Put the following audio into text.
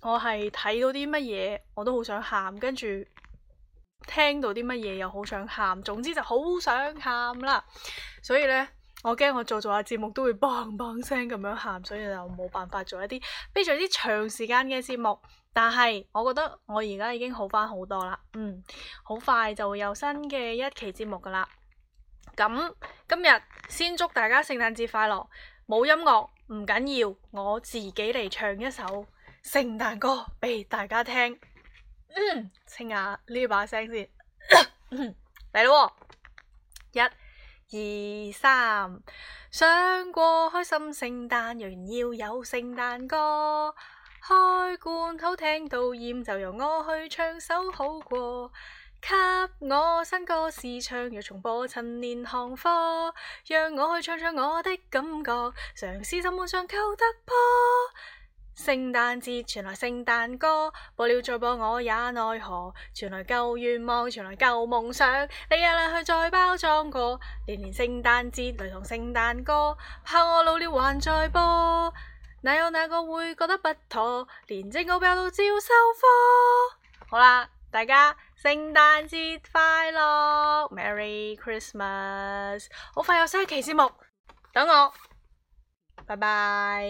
我係睇到啲乜嘢，我都好想喊，跟住聽到啲乜嘢又好想喊，總之就好想喊啦。所以呢，我驚我做做下節目都會 bang bang 聲咁樣喊，所以就冇辦法做一啲非常之長時間嘅節目。但係我覺得我而家已經好翻好多啦，嗯，好快就會有新嘅一期節目噶啦。咁今日先祝大家聖誕節快樂，冇音樂唔緊要，我自己嚟唱一首。.聖誕歌畀大家聽，嗯，清下呢把聲先。嚟、嗯、咯，一、二、三，想過開心聖誕，仍然要有聖誕歌。開罐好聽到厭，就由我去唱首好過。給我新歌試唱，又重播陳年行貨，讓我去唱唱我的感覺，嘗試怎麽上求得破。聖誕節傳來聖誕歌，播了再播我也奈何。傳來舊願望，傳來舊夢想，你入去再包裝過。年年聖誕節，雷同聖誕歌，怕我老了還在播，哪有哪個會覺得不妥？年資高標都照收貨。好啦，大家聖誕節快樂，Merry Christmas！好快有新一期節目，等我，拜拜。